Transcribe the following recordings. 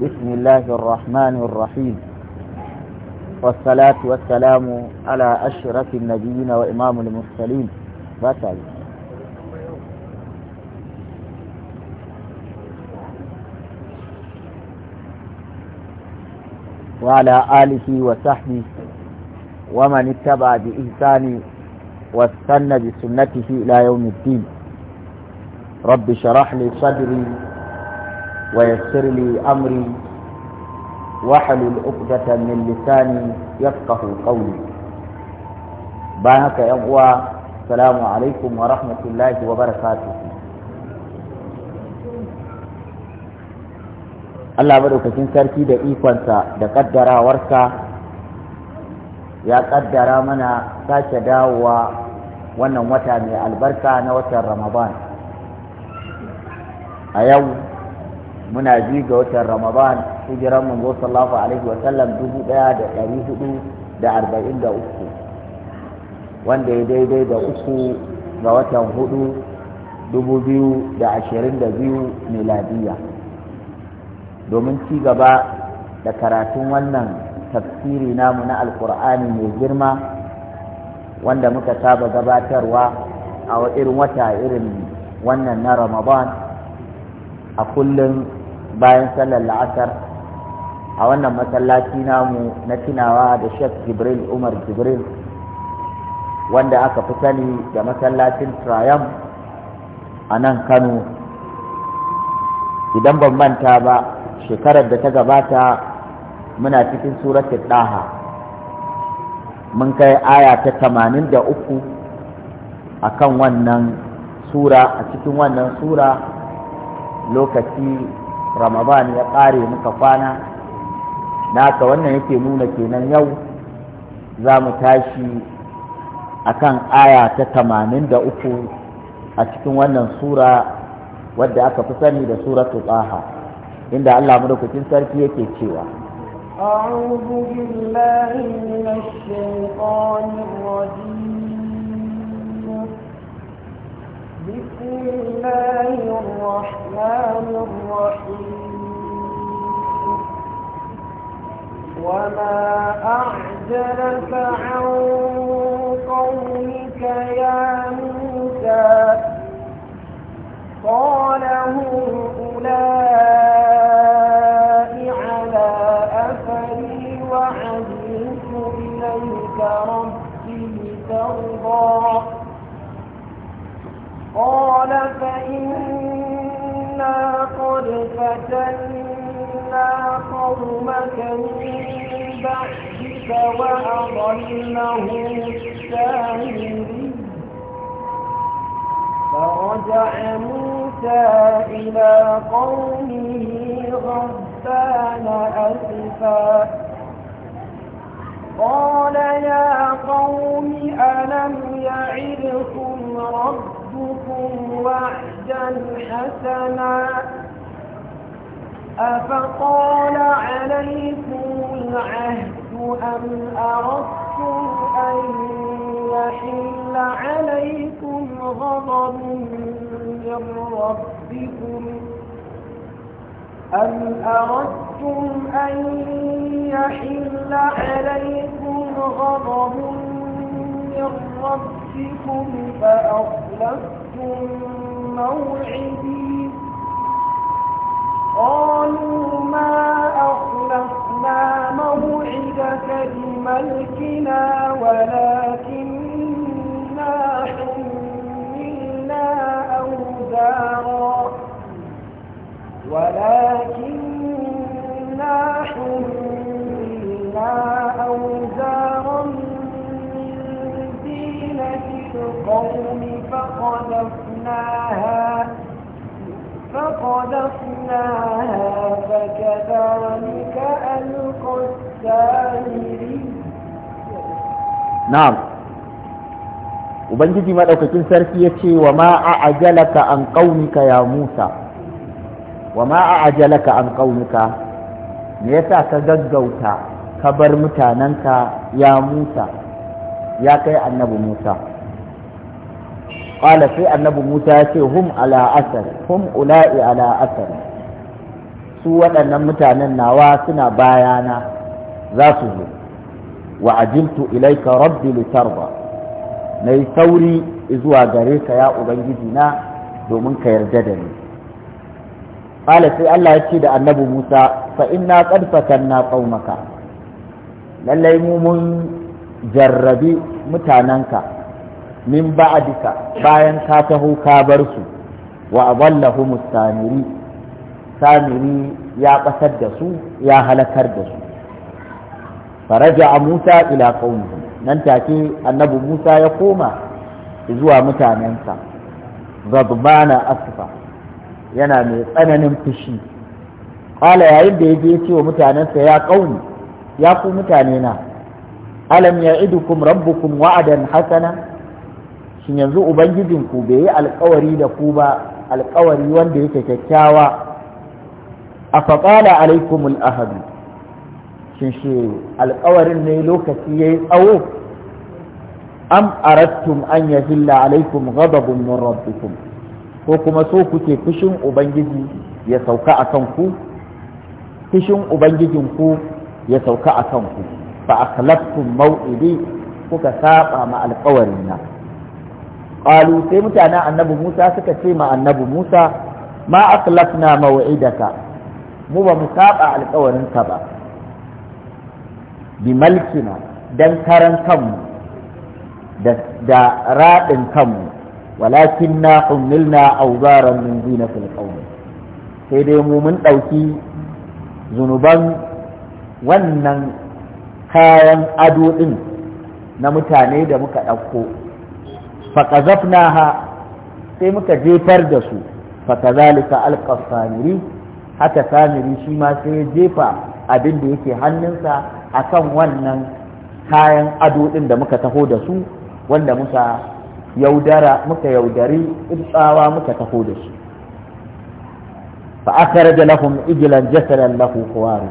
بسم الله الرحمن الرحيم والصلاة والسلام على أشرف النبيين وإمام المرسلين فتل وعلى آله وصحبه ومن اتبع بإحسان واستنى بسنته إلى يوم الدين رب شرح لي صدري ويسر لي أمري واحلل عقدة من لساني يفقه قولي بانك يا أبوى السلام عليكم ورحمة الله وبركاته Allah madaukakin sarki da ikonsa da kaddarawarsa ya ƙaddara mana sake dawowa wannan wata mai albarka na watan Ramadan a yau muna ji ga watan ramadan hijiran manzo sallallahu alaihi wa sallam dubu daya da dari hudu da arba'in da uku wanda ya daidai da uku ga watan hudu dubu biyu da ashirin da biyu miladiya domin ci gaba da karatun wannan tafsiri namu na alkur'ani mai girma wanda muka saba gabatarwa a irin wata irin wannan na ramadan a kullum bayan sallar la'asar a wannan masallaci namu na tunawa da Sheikh Jibril Umar Jibril wanda aka fi sani da masallacin Triumph a nan Kano idan ban manta ba shekarar da ta gabata muna cikin suratul daha mun kai aya ta 83 akan wannan sura a cikin wannan sura lokaci ramadan ya ƙare muka kwana na ka wannan yake nuna kenan yau za mu tashi kan aya ta tamanin da uku a cikin wannan sura wadda aka fi sani da suratu tsaha inda allah madaukakin sarki yake cewa أعوذ بالله من الشيطان الرجيم بسم الله الرحمن الرحيم وما أعجلك عن قومك يا موسى قال هم على أثري وعزلت إليك ربي ترضى قال فإنا قد فتنا قومك من بعدك وأضلهم الساهرين فرجع موسى إلى قومه غضبان أسفا قال يا قوم ألم يعدكم ربكم ربكم وعدا حسنا أفقال عليكم العهد أم أردتم أن يحل عليكم غضب من ربكم أم أردتم أن يحل عليكم غضب من ربكم فأخذ أخلفتم موعدي قالوا ما أخلفنا موعدك بملكنا ولكننا حملنا أوزارا ولكننا حملنا أوزارا القوم فقدفناها فقذفناها فكذلك ألقى السامري نعم Ubangiji maɗaukakin sarki ya ce wa ma’a a jalaka an ƙaunika ya Musa, wa ma’a a jalaka an ƙaunika, me yasa ka gaggauta ka bar mutanenka ya Musa, ya kai annabi Musa. qala sai annabi Musa ya ce hum ala hum ula'i ala su waɗannan mutanen nawa suna bayana za su zo wa ajiltu ilaika rabbi litarda na yi sauri zuwa gare ka ya ubangiji na domin ka yarda da ni qala sai Allah ya ce da annabi Musa fa inna na fatanna qaumaka lallai mu mun jarrabi mutanenka min ba'dika bayan ka taho ka bar su wa adallahu musamiri samiri ya kasar da su ya halakar da su faraja Musa ila qaumihi nan take annabi Musa ya koma zuwa mutanensa gadbana asfa yana mai tsananin fushi qala yayin da yaje ya ce wa mutanensa ya qaumi ya ku mutane na alam ya'idukum rabbukum wa'adan hasana shin yanzu ubangijinku bai yi alkawari da ku ba alkawari wanda yake kyakkyawa a faƙala alaikumul ahadu shin shi alkawarin ne lokaci ya yi tsawo am arattum an ya hilla alaikum ghadabun min rabbikum ko kuma so kuke fushin ubangiji ya sauka a kanku fushin ubangijinku ya sauka a kanku fa akhlaftum maw'idi kuka saba ma alkawarin nan qalu sai mutanen annabi Musa suka ce ma annabi Musa ma na maw'idaka mu ba mu saba alƙawarin ka ba bi malkina dan karan kanmu da raɗin kanmu walakin na ummilna awzaran min zinatil sai dai mu mun ɗauki zunuban wannan kayan ado din na mutane da muka ɗauko faƙazafnaha sai muka jefar da su fakazalika alƙasamiri haka samiri shi ma sai ya jefa abin da yake hannunsa a kan wannan kayan ado ɗin da muka taho da su wanda muka yaudara muka yaudari tsawa muka taho da su fa da lahum ijlan jasadan lahu qawaru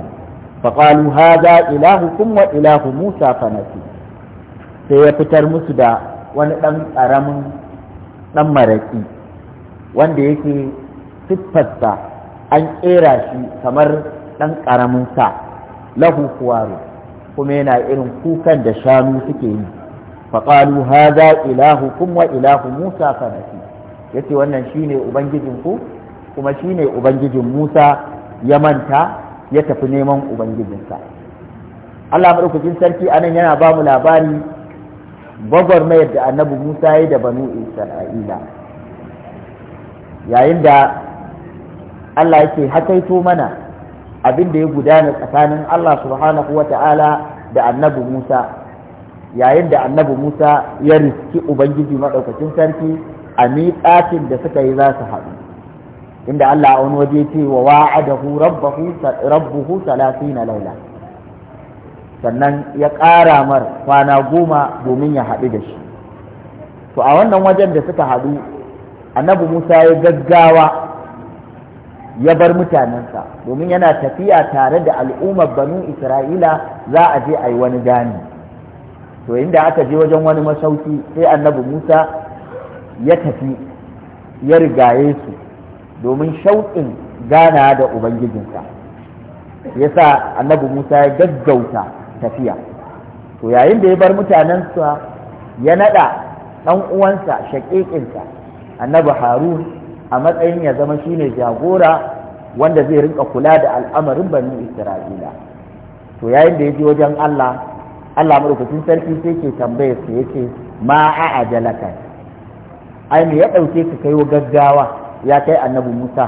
fa qalu hadha ilahukum wa ilahu musa fanasi sai ya fitar musu da wani ɗan ƙaramin ɗan maraƙi wanda yake siffarsa an ƙera shi kamar ɗan ƙaramin sa lahu kuwaro kuma yana irin kukan da shanu suke yi faƙalu haza ilahu kuma ilahu musa fanafi ya ce wannan shine ubangijin ku kuma shi ne ubangijin musa ya manta ya tafi neman ubangijinsa allah maɗaukakin sarki anan yana ba mu labari gwagwarmayar da annabi musa ya da banu isra'ila yayin da allah yake hakaito mana abin da ya gudana tsakanin allah subhanahu wa ta'ala da annabi musa yayin da annabi musa ya riski ubangiji maɗaukacin sarki a miƙatin da suka yi za su haɗu inda allah a wani waje ce wa wa'adahu rabbahu salatina laila sannan ya ƙara mar kwana goma domin ya haɗu da shi to a wannan wajen da suka haɗu annabi musa ya gaggawa ya bar mutanensa domin yana tafiya tare da al'ummar banu isra'ila za a je a yi wani gani to inda aka je wajen wani masauki sai annabi musa ya tafi ya rigaye su domin shauƙin gana da ubangijinsa ya sa annabi musa ya gaggauta tafiya to yayin da ya bar mutanensa ya naɗa ɗan uwansa shaƙiƙinsa annabi harun a matsayin ya zama shine jagora wanda zai rinka kula da al'amarin bani isra'ila to yayin da ya je wajen allah allah madaukakin sarki sai ke tambayar su ya ce ma a ajalaka ai me ya ɗauke ka kai gaggawa ya kai annabi musa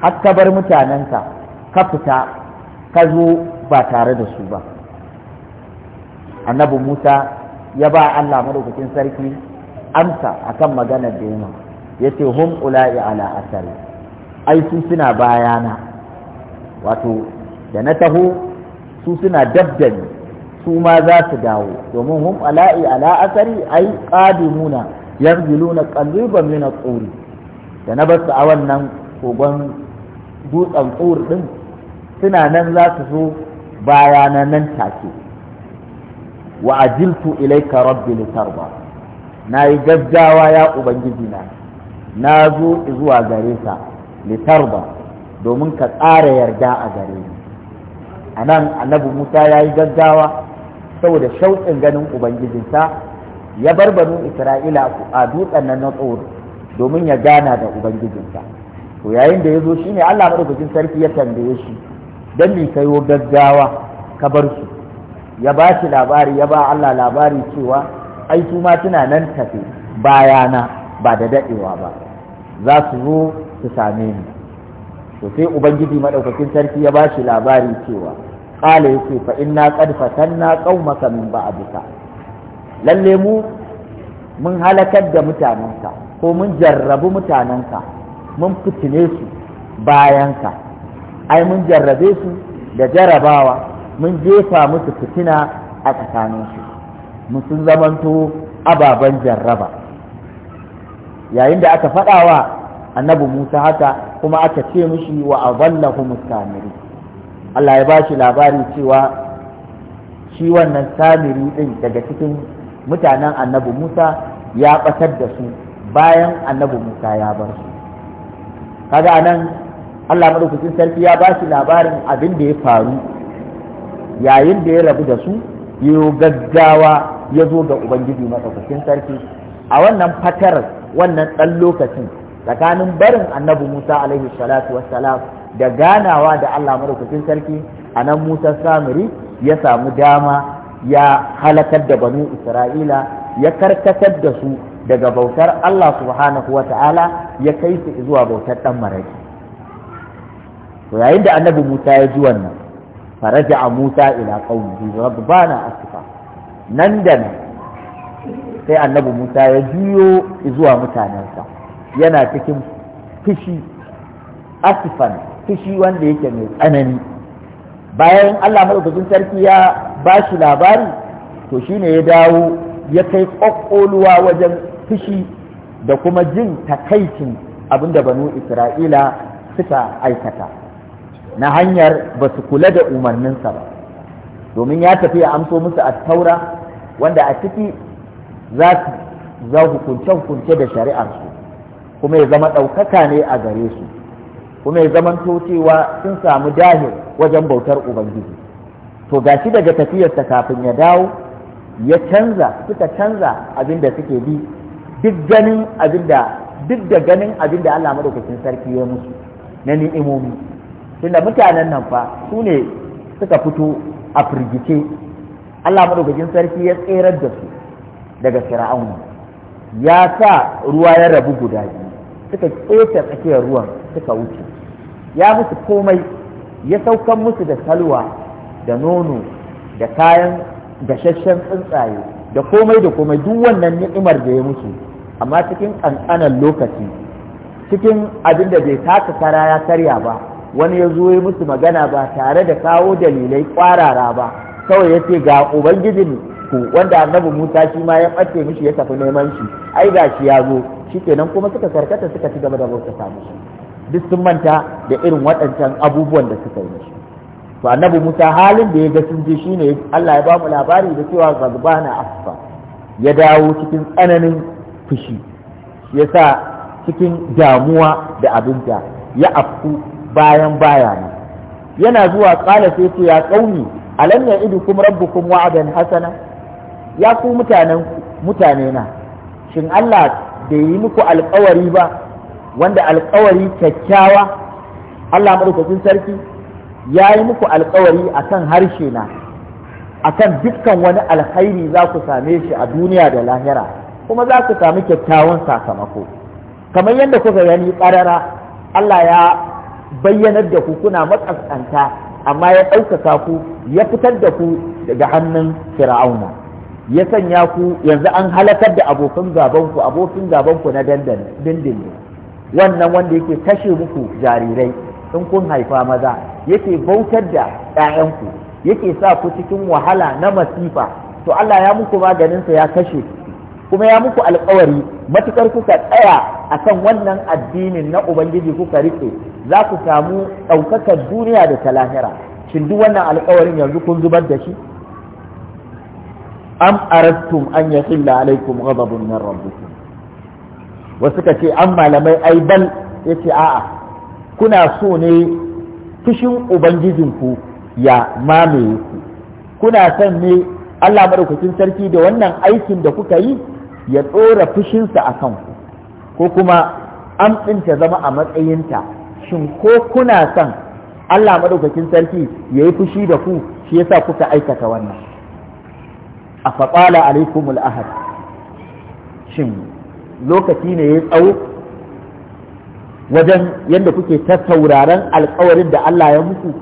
har ka bar mutanenka ka fita ka zo ba tare da su ba annabi Musa ya ba Allah madaukakin sarki amsa akan magana da yana yace hum ula'i ala asari ai su suna bayana wato da na taho su suna dabdani su ma za su dawo domin hum ula'i ala asari ai qadimuna yanziluna qaliban min al-quri da na basu a wannan kogon dutsen tsur din suna nan za su zo bayana nan take wa ajiltu ilaika rabbi litarda na yi gaggawa ya ubangiji na na zo zuwa gare ka litarda domin ka tsara yarda a gare ni a nan annabi musa ya yi gaggawa saboda shauƙin ganin ubangijinsa ya bar banu isra'ila a dutsen nan na tsoro domin ya gana da ubangijinsa to yayin da ya zo shine allah maɗaukakin sarki ya tambaye shi don me kayo gaggawa ka bar su ya ba shi labari ya ba Allah labari cewa ai su ma suna nan tafi bayana ba da daɗewa ba za su zo su same ni to sai ubangiji madaukakin sarki ya ba shi labari cewa ƙala yake fa inna qad fatanna qaumaka min ba'dika lalle mu mun halakar da mutanenka ko mun jarrabu mutanenka mun fitine su bayanka ai mun jarrabe su da jarabawa mun jefa musu fitina a tsakanin tsakaninsu sun zamanto ababen jarraba yayin da aka faɗa wa annabi musa haka kuma aka ce mishi wa azallahu mustamiri Allah ya bashi labari cewa shi wannan samiri ɗin daga cikin mutanen annabi musa ya ɓatar da su bayan annabi musa ya bar su kaga anan Allah madaukakin sarki ya bashi labarin abin da ya faru yayin da ya rabu da su yayo gaggawa ya zo ga ubangiji maɗaukakin sarki a wannan fatar wannan ɗan lokacin tsakanin barin annabi musa alaihi salatu wassalam da ganawa da allah marukacin sarki a nan musa samiri ya samu dama ya halakar da banu isra'ila ya karkatar da su daga bautar allah subhanahu wa ya kai su zuwa bautar ɗan maraki to yayin da annabi musa ya ji wannan فرجع Musa ila قومه ربنا astifa nan sai annabi Musa ya juyo zuwa mutanensa yana cikin fishi asifan fishi wanda yake mai tsanani bayan Allah madaukakin sarki ya ba shi labari to shi ne ya dawo ya kai kokkoluwa wajen fishi da kuma jin takaicin abinda banu Isra'ila suka aikata na hanyar ba su kula da umarninsa ba domin ya tafi ya amso musu a taura wanda a ciki za su za hukunce-hukunce da shari'arsu kuma ya zama ɗaukaka ne a gare su kuma ya zama cewa sun samu dahil wajen bautar ubangiji to gashi daga tafiyarsa kafin ya dawo ya canza suka canza abin da suke bi duk ganin abin da duk da ganin abin da Allah madaukakin sarki ya musu na ni'imomi tunda mutanen nan fa su ne suka fito a firgice Allah madaukakin sarki ya tserar da su daga fir'aun ya sa ruwa ya rabu guda biyu suka ƙeta tsakiyar ruwan suka wuce ya musu komai ya saukan musu da salwa da nono da kayan gashashen tsuntsaye da komai da komai duk wannan ni'imar da ya musu amma cikin ƙanƙanan lokaci cikin abin da bai taka kara ya karya ba wani ya zo ya musu magana ba tare da kawo dalilai kwarara ba kawai ya ce ga ubangijin ku wanda annabi musa shi ma ya ɓace mishi ya tafi neman shi ai ga shi ya zo Shi kenan kuma suka karkata suka ci gaba da bauta samu shi duk sun manta da irin waɗancan abubuwan da suka yi mishi to annabi musa halin da ya ga sun je shine Allah ya ba mu labari da cewa gazbana afa ya dawo cikin tsananin fushi yasa cikin damuwa da abinta ya afku bayan baya ne yana zuwa ƙala sai ce ya ƙauni alam ya idu kuma rabbukum wa'adan hasana ya ku mutanen mutane na shin Allah bai yi muku alƙawari ba wanda alƙawari kyakkyawa Allah madaukakin sarki ya yi muku alƙawari akan harshe na akan dukkan wani alkhairi za ku same shi a duniya da lahira kuma za ku sami kyakkyawan sakamako kamar yadda kuka gani ƙarara Allah ya bayyanar da ku kuna matsatsanta amma ya ɗaukaka ku ya fitar da ku daga hannun fir'auna ya sanya ku yanzu an halakar da abokan gabanku abokin gabanku na dindindin wannan wanda yake kashe muku jarirai in kun haifa maza yake bautar da 'ya'yanku yake sa ku cikin wahala na masifa to Allah ya muku maganin sa ya kashe kuma ya muku alkawari matukar kuka tsaya kan wannan addinin na ubangiji kuka rike za ku samu ɗaukakar duniya da ta lahira shin duk wannan alkawarin yanzu kun zubar da shi am arattum an yahilla alaikum ghadabun min rabbikum wasu suka ce am malamai ai bal yace a'a kuna so ne fushin ku ya mamaye ku kuna son ne Allah madaukakin sarki da wannan aikin da kuka yi ya ɗora fushinsa a kan ku ko kuma amɗin ta zama a matsayinta shin ko kuna son Allah maɗaukakin sarki ya yi fushi da ku shi yasa kuka aikata wannan a faɓala alaikumul ahad shin lokaci ne ya tsawo wajen yadda kuke ta sauraron alkawarin da Allah ya muku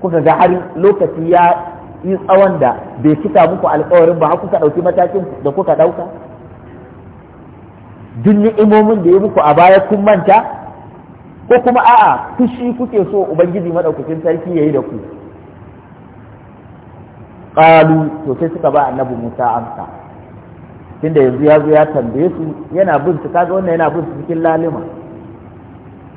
kuka ga har lokaci ya yi tsawon da bai cika muku alkawarin ba kuka ɗauki matakin da kuka ɗauka duk ni'imomin da ya muku a baya kun manta ko kuma a'a fushi kuke so ubangiji madaukakin sarki yayi da ku qalu to sai suka ba annabi Musa amsa tunda yanzu ya zo ya tambaye su yana bin su kaga wannan yana bin su cikin lalima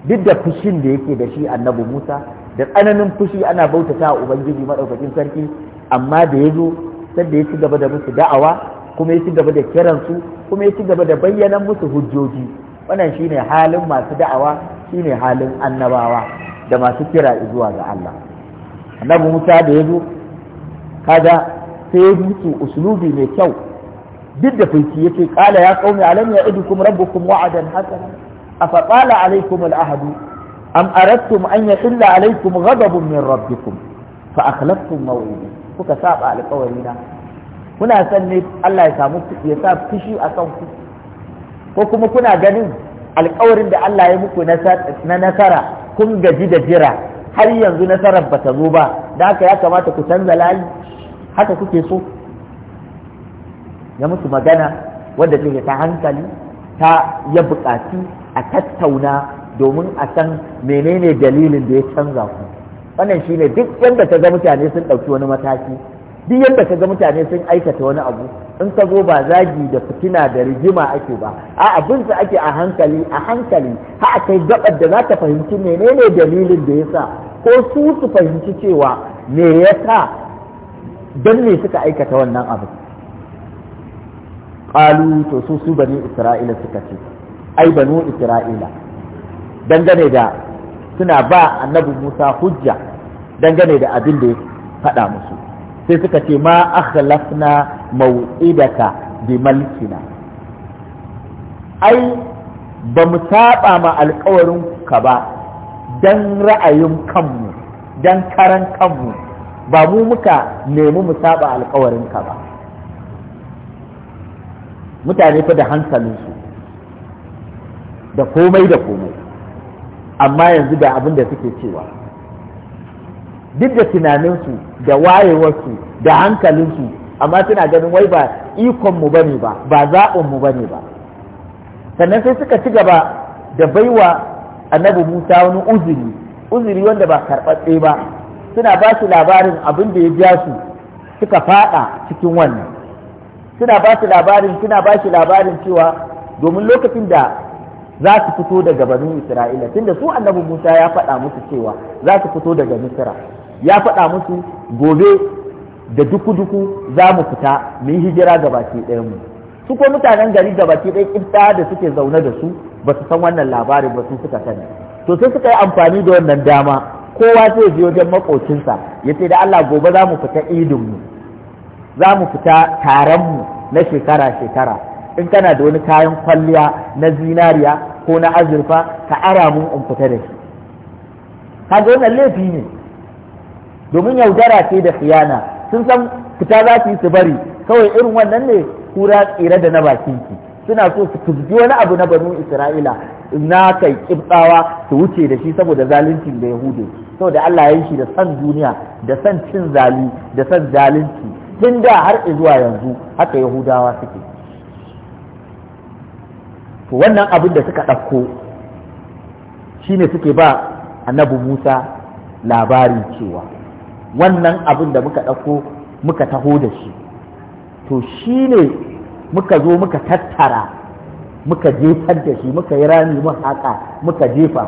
duk da fushin da yake da shi annabi Musa da tsananin fushi ana bautata wa ubangiji madaukakin sarki amma da ya zo sai da ya ci gaba da musu da'awa kuma ya ci gaba da kiransu kuma ya ci gaba da bayyana musu hujjoji wannan shine halin masu da'awa shine halin annabawa da masu kira zuwa ga Allah annabi Musa da ya zo kaga sai ya musu uslubi mai kyau duk da fulki yace qala ya qaumi alam ya'idukum rabbukum wa'adan hasana afa qala alaykum al-ahdu am aradtum an yahilla alaykum ghadabun min rabbikum fa akhlaftum maw'idi kuka saba alƙawarina kuna son ne Allah ya samu ya sa fushi a kan ku ko kuma kuna ganin alƙawarin da Allah ya muku na nasara kun gaji da jira har yanzu nasarar ba ta zo ba da haka ya kamata ku canza layi haka kuke so ya musu magana wadda take ta hankali ta ya buƙaci a tattauna domin a san menene dalilin da ya canza ku wannan shine duk yadda ta ga mutane sun ɗauki wani mataki duk yadda ka ga mutane sun aikata wani abu in ka zo ba zagi da fitina da rigima ake ba a abin ake a hankali a hankali ha a kai gabar da za ta fahimci menene dalilin da ya sa, ko su su fahimci cewa me ya sa don me suka aikata wannan abu Ƙalu to su su bani isra'ila suka ce ai banu isra'ila dangane da suna ba annabi Musa hujja dangane da abin da ya faɗa musu sai suka ce ma akhlafna mau'idaka bi malkina ai ba mu saba ma alkawarin ka ba dan ra'ayin kanmu dan karan kanmu ba mu muka nemi mu saba alkawarin ka ba mutane fa da hankalinsu da komai da komai amma yanzu da abin da suke cewa duk da tunaninsu da wayewarsu da hankalinsu amma suna ganin wai ba ikon mu bane ba ba zaɓin mu bane ba sannan sai suka ci gaba da baiwa annabi Musa wani uzuri uzuri wanda ba karɓaɓɓe ba suna ba su labarin abin da ya ja su suka faɗa cikin wannan suna ba su labarin suna ba shi labarin cewa domin lokacin da za su fito daga banu isra'ila tunda su annabi musa ya faɗa musu cewa za su fito daga misira ya faɗa musu gobe da duku-duku za mu fita mu yi hijira ga baki ɗayan mu su ko mutanen gari ga baki ɗaya ƙifta da suke zaune da su ba su san wannan labari ba su suka sani to sai suka yi amfani da wannan dama kowa zai je wajen makocinsa ya ce da Allah gobe za mu fita idin mu za mu fita taron mu na shekara shekara in kana da wani kayan kwalliya na zinariya ko na azurfa ka ara mun in fita da shi kaga wannan laifi ne domin yaudara ce da siyana, sun san fita za su yi su bari kawai irin wannan ne kura tsira da na bakin ki suna so su fuzgi wani abu na banu isra'ila na kai kibtsawa su wuce da shi saboda zaluncin da yahudu saboda Allah ya yi shi da san duniya da san cin zali da san zalunci tun da har zuwa yanzu haka yahudawa suke to wannan abin da suka ɗauko shine suke ba annabi musa labarin cewa wannan abin da muka ɗauko muka taho da shi to shi ne muka zo muka tattara muka jefar da shi muka yi rami mun haka muka jefa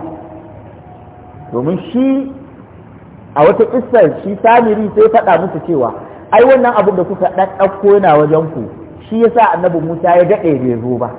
domin shi a wata isar shi samiri sai faɗa musu cewa ai wannan abin da kuka ɗaɗɗauko yana wajen ku shi sa annabi musa ya daɗe bai zo ba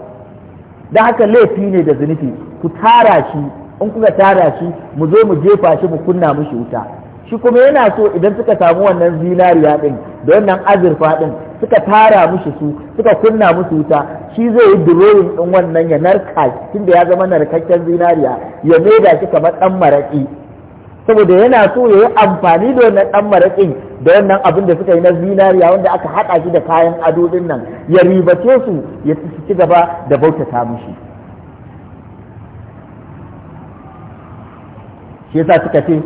don haka laifi ne da zunubi ku tara shi in kuka tara shi mu zo mu jefa shi mu kunna mushi wuta shi kuma yana so idan suka samu wannan zinariya ɗin da wannan azurfa ɗin suka tara mushi su suka kunna musu wuta shi zai yi durowin ɗin wannan ya narka tunda ya zama narkakken zinariya ya maida shi kamar dan maraki saboda yana so ya yi amfani da wannan dan marakin da wannan abin da suka yi na zinariya wanda aka haɗa shi da kayan ado din nan ya ribace su ya ci gaba da bautata mushi shi yasa suka ce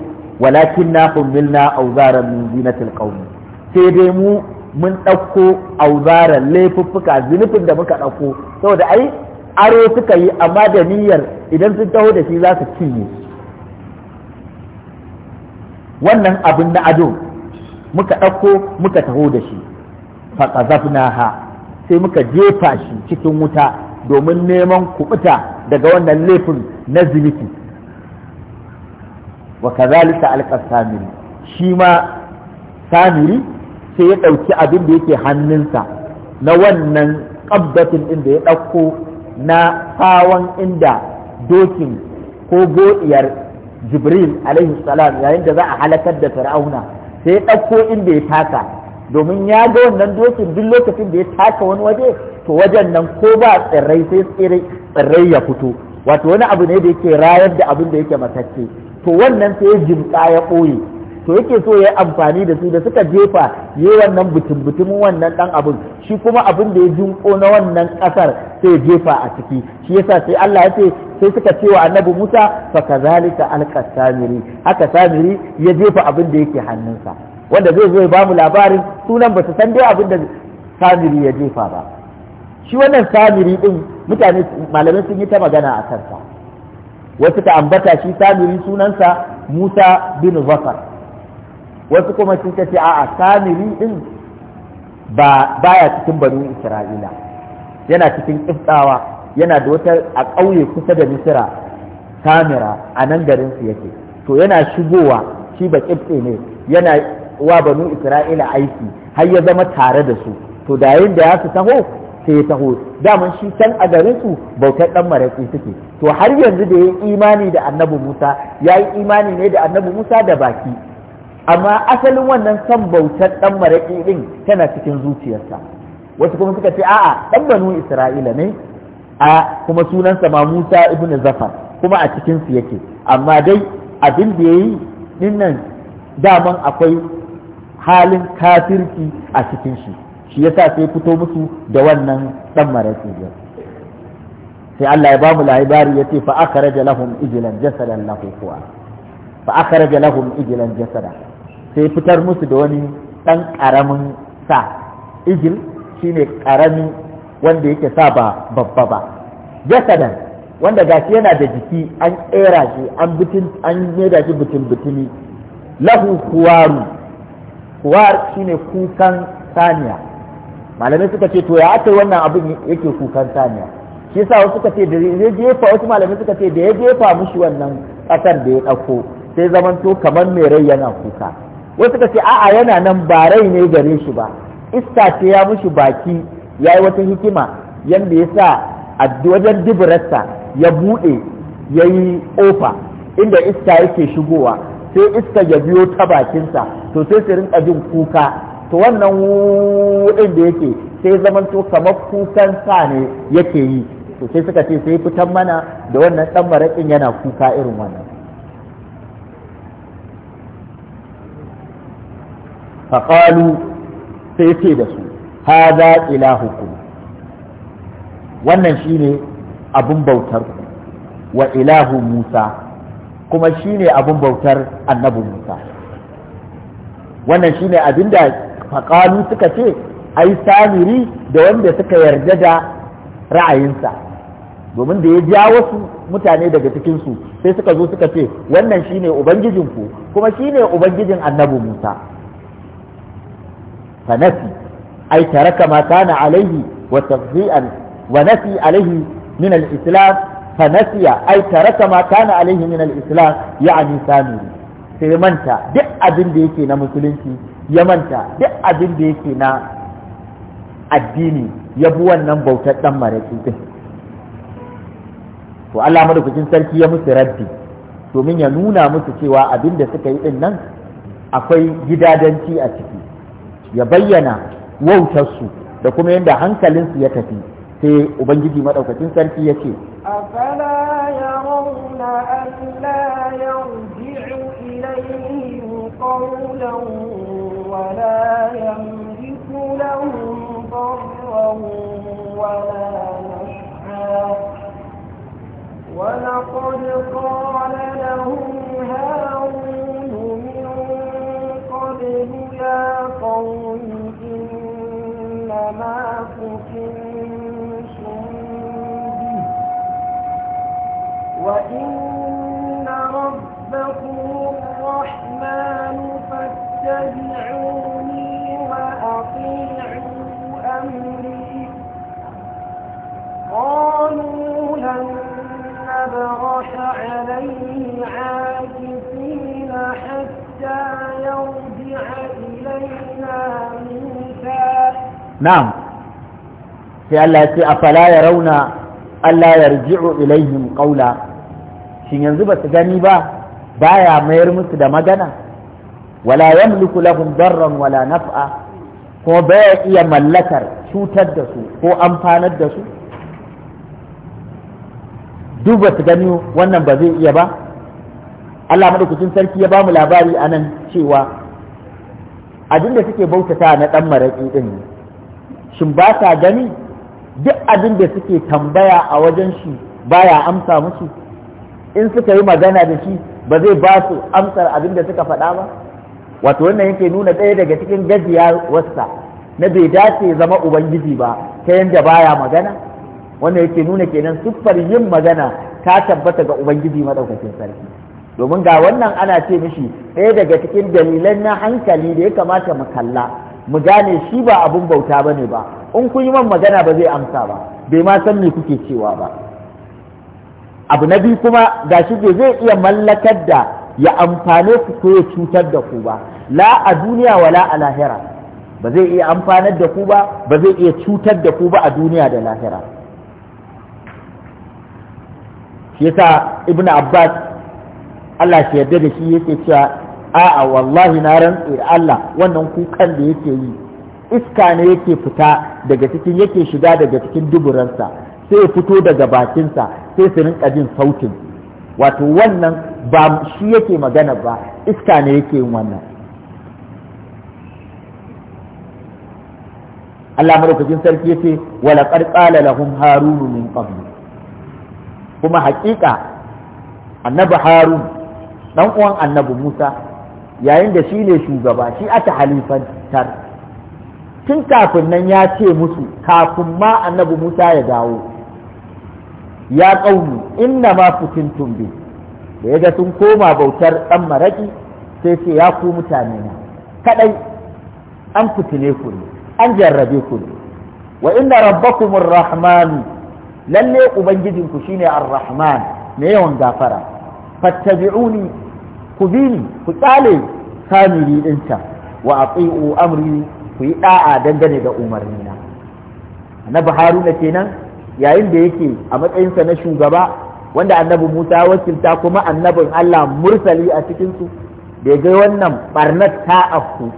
walakin na humilna auzaran min zinatil qaumi sai dai mu mun ɗauko auzaran laifuffuka zunubin da muka ɗauko saboda ai aro suka yi amma da niyyar idan sun taho da shi za su cinye wannan abin na ado muka ɗauko muka taho da shi faƙazafnaha sai muka jefa shi cikin wuta domin neman kuɓuta daga wannan laifin na zunubi wa kazalika alqa samiri shi ma samiri sai ya ɗauki abin da yake hannunsa na wannan ƙabbatin inda ya ɗauko na tsawon inda dokin ko godiyar jibril alaihi salam yayin da za a halakar da fir'auna sai ya ɗauko inda ya taka domin ya ga wannan dokin duk lokacin da ya taka wani waje to wajen nan ko ba tsirrai sai tsirrai ya fito wato wani abu ne da yake rayar da abin da yake matacce to wannan sai ya jimka ya ɓoye to yake so ya yi amfani da su da suka jefa yi wannan butun wannan ɗan abin shi kuma abin da ya jinko na wannan ƙasar sai ya jefa a ciki shi yasa sai Allah ya ce sai suka ce wa annabi Musa fa kazalika alqa samiri haka samiri ya jefa abin da yake hannunsa wanda zai zo ya mu labarin sunan ba su san dai abin da samiri ya jefa ba shi wannan samiri din mutane malamai sun yi ta magana a kansa wasu ka ambata shi samiri sunansa musa bin zafar wasu kuma sun ce a'a samiri din ba baya cikin banu isra'ila yana cikin kiftawa yana da wata a ƙauye kusa da misra samira a nan garin su yake to yana shigowa shi ba kifte ne yana wa banu isra'ila aiki har ya zama tare da su to da yayin da ya su taho sai ya taho daman shi can a garin su bautar dan maraƙi suke to har yanzu da yayi imani da annabi Musa yayi imani ne da annabi Musa da baki amma asalin wannan san bautar dan maraƙi din tana cikin zuciyarsa wasu kuma suka ce a'a dan banu Isra'ila ne a kuma sunansa ma Musa ibn Zafar kuma a cikin su yake amma dai abin da yayi dinnan daman akwai halin kafirci a cikin shi shi yasa sai fito musu da wannan dan maraki sai Allah ya bamu mu labari yace fa akhraja lahum ijlan jasadan lahu kuwa fa akhraja lahum ijlan jasada sai fitar musu da wani dan karamin sa ijil shine karami wanda yake sa ba babba ba jasadan wanda gashi yana da jiki an kera shi an bitin an da shi bitin bitini lahu kuwaru kuwar shine kukan saniya malamai suka ce to ya aka wannan abin yake kukan saniya shi yasa wasu suka ce da ya jefa wasu malamai suka ce da ya jefa mushi wannan kasar da ya ɗauko sai zaman to kamar mai rai yana kuka wasu suka ce a'a yana nan ba rai ne gare shi ba iska ce ya mushi baki ya yi wata hikima yadda ya sa a wajen duburarsa ya buɗe ya yi ƙofa inda iska yake shigowa sai iska ya biyo ta bakinsa to sai su rinka jin kuka to wannan wuɗin da yake sai to kamar kukan sa ne yake yi to sai suka ce sai fitan mana da wannan ɗan maraƙin yana kuka irin wannan faƙalu sai ce da su haza ilahukum wannan shine abin bautar ku wa ilahu musa kuma shine abin bautar annabi musa wannan shine abin da faƙalu suka ce ai samiri da wanda suka yarda da ra'ayinsa domin da ya ja wasu mutane daga cikinsu sai suka zo suka ce wannan shine ubangijinku kuma shine ubangijin annabi musa fanasi ai taraka ma kana alaihi wa tafzi'an wa nasi alaihi min al-islam fanasiya ai taraka ma kana alaihi min al-islam ya'ni samiri sai manta duk abin da yake na musulunci ya manta duk abin da yake na addini ya bi wannan bautar dan maraƙi din to Allah madaukakin sarki ya musu raddi domin ya nuna musu cewa abin da suka yi din nan akwai gidadanci a ciki ya bayyana wautarsu da kuma yadda hankalinsu ya tafi sai ubangiji madaukakin sarki ya ce أفلا ولا يملك لهم ضرا ولا نفعا ولقد قال na'am sai Allah ya ce fala ya rauna Allah ya rji'u ilaihim qawla shin yanzu ba su gani ba baya mayar musu da magana wala yamliku lahum darran wala naf'a ko baya iya mallakar cutar da su ko amfanar da su duk su gani wannan ba zai iya ba Allah madaukakin sarki ya ba mu labari anan cewa a da suke bautata na dan maraƙi din shin ba sa gani duk abin da suke tambaya a wajen shi baya amsa musu in suka yi magana da shi ba zai ba su amsar abin da suka faɗa ba wato wannan yake nuna ɗaya daga cikin gajiya wasta na bai dace zama ubangiji ba ta yadda baya magana wannan yake nuna kenan siffar yin magana ta tabbata ga ubangiji madaukakin sarki domin ga wannan ana ce mishi ɗaya daga cikin dalilan na hankali da ya kamata mu kalla mu gane shi ba abun bauta ba ne ba in kun yi man magana ba zai amsa ba bai ma san me kuke cewa ba abu na biyu kuma ga shi zai iya mallakar da ya amfane ku ko ya cutar da ku ba la a duniya wala a lahira ba zai iya amfanar da ku ba ba zai iya cutar da ku ba a duniya da lahira shi yasa ibnu abbas Allah shi yarda da shi yake cewa a'a wallahi na rantse da Allah wannan kukan da yake yi iska ne yake fita daga cikin yake shiga daga cikin duburansa sai ya fito daga bakinsa sai su rinka jin sautin wato wannan ba shi yake magana ba iska ne yake yin wannan Allah madaukakin sarki ce wala qad lahum harunu min qabl kuma haƙiƙa annabi harun dan uwan annabi Musa yayin da shi ne shugaba shi aka halifantar tun kafin nan ya ce musu kafin ma annabi musa ya dawo ya ƙauni inna ma fitintun bi da ya ga sun koma bautar ɗan maraƙi sai ce ya ku mutane na kaɗai an fitine ku ne an jarrabe ku ne wa inna rabbakumur rahmanu lalle ubangijinku shine ar-rahman ne yawan gafara fattabi'uni ku bi ni ku tsale samiri din can wa ati'u amri ku yi da'a dangane da umarni na annabi haruna kenan yayin da yake a matsayinsa na shugaba wanda annabi musa wakilta kuma annabin allah mursali a cikin su da ga wannan barnat ta afku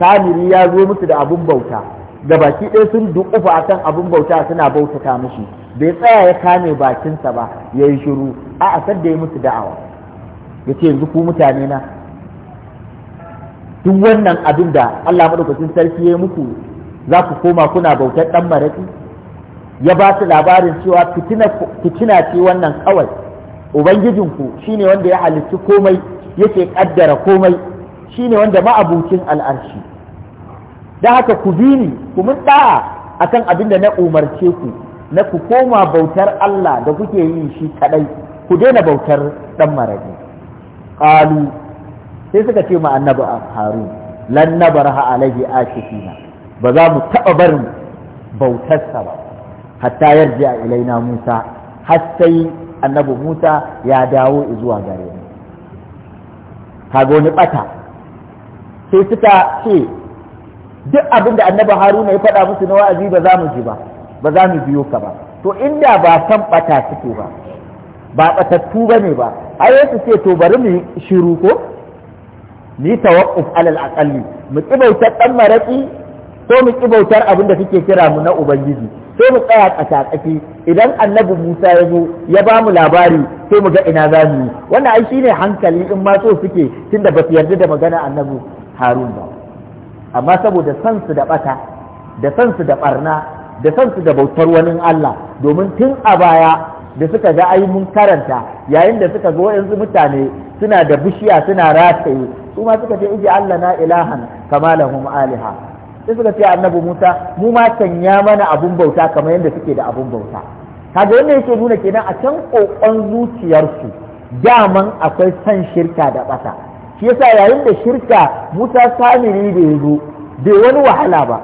samiri ya zo musu da abun bauta da baki ɗaya sun duƙufa akan abun bauta suna bautata mushi bai tsaya ya kame bakinsa ba ya yi shiru a'a asar da ya musu da'awa ya ce yanzu ku mutane na duk wannan abin da Allah madaukakin sarki ya muku za ku koma kuna bautar dan maraki ya ba su labarin cewa fitina ce wannan kawai ubangijinku shine wanda ya halitti komai yake kaddara komai shine wanda ma'abucin al'arshi da haka ku bi ni ku mun da'a akan abin da na umarce ku na ku koma bautar Allah da kuke yi shi kadai ku daina bautar dan maraki qalu sai suka ce ma annabi harun lan nabraha alaihi ashifina ba za mu taba barin bautarsa ba hatta yarji a ilaina musa har sai annabi musa ya dawo zuwa gare mu kaga wani bata sai suka ce duk abin da annabi haruna ya faɗa musu na wa'azi ba za mu ji ba ba za mu biyo ka ba to inda ba san bata suke ba ba batattu ba ne ba ai yasu ce to bari mu shiru ko ni tawaqquf alal aqalli mu kibautar dan maraki ko mu kibautar abin da suke kira mu na ubangiji sai mu tsaya a tsakaki idan annabi Musa ya zo ya ba mu labari sai mu ga ina za mu yi wannan ai shine hankali in ma so suke tunda ba su yarda da magana annabi Harun ba amma saboda san su da bata da san su da barna da san su da bautar wani Allah domin tun a baya da suka ga ai mun karanta yayin da suka zo yanzu mutane suna da bishiya suna rataye su ma suka ce iji Allah na ilahan kama lahum aliha sai suka ce annabi Musa mu ma sanya mana abun bauta kamar yadda suke da abun bauta kaga wanda yake nuna kenan a can kokon zuciyarsu daman akwai san shirka da ƙasa shi yasa yayin da shirka Musa samiri da yazo bai wani wahala ba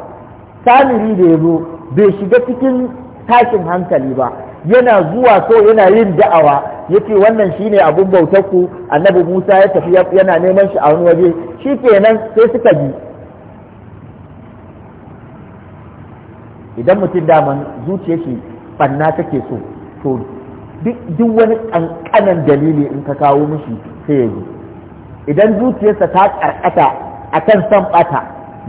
samiri da yazo bai shiga cikin tashin hankali ba yana zuwa so yana yin da'awa yace wannan shine abun bautar ku annabi Musa ya tafi yana neman shi a wani waje shikenan sai suka bi idan mutum daman zuciya shi banna take so to duk wani kankanan dalili in ka kawo mishi sai ya zo idan zuciyarsa ta karkata a kan san bata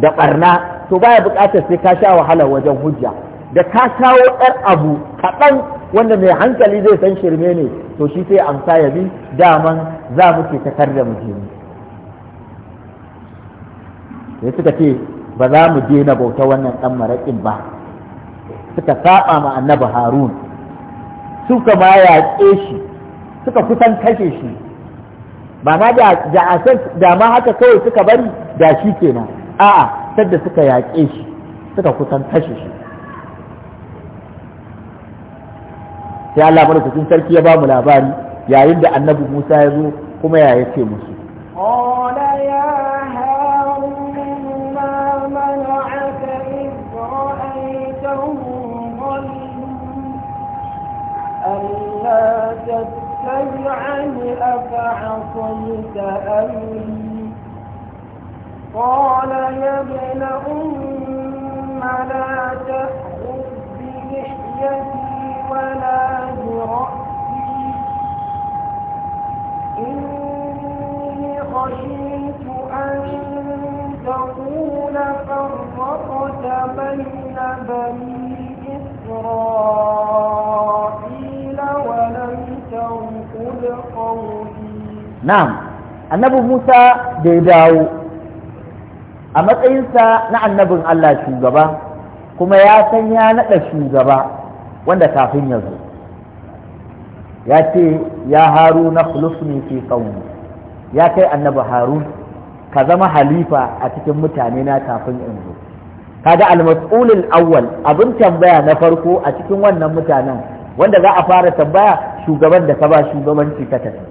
da barna to baya bukatar sai ka sha wahala wajen hujja da ka kawo ɗan abu kaɗan wanda mai hankali zai san shirme ne to shi sai amsa ya bi daman za mu ke takar da mu sai suka ce ba za mu daina bauta wannan dan maraƙin ba suka saba ma annabi harun suka ma yaƙe shi suka kusan kashe shi ba ma da ma haka kawai suka bari da shi kenan a'a sadda suka yaƙe shi suka kusan kashe shi sai Allah madaukakin sarki ya ba mu labari yayin da annabi Musa ya zo kuma ya ce musu تتبعني أفعصيت أمري قال يا ابن أم لا تأخذ بلحيتي ولا برأسي إني خشيت أن تقول فرقت Musa bai dawo a matsayinsa na annabin Allah shugaba kuma ya san ya naɗa shugaba wanda kafin ya zo ya ce ya haru na kulusni fi kauni ya kai annabi haru ka zama halifa a cikin mutane na kafin in zo kaga al-mas'ulul awwal abin tambaya na farko a cikin wannan mutanen wanda za a fara tambaya shugaban da ka ba shugabanci ka tafi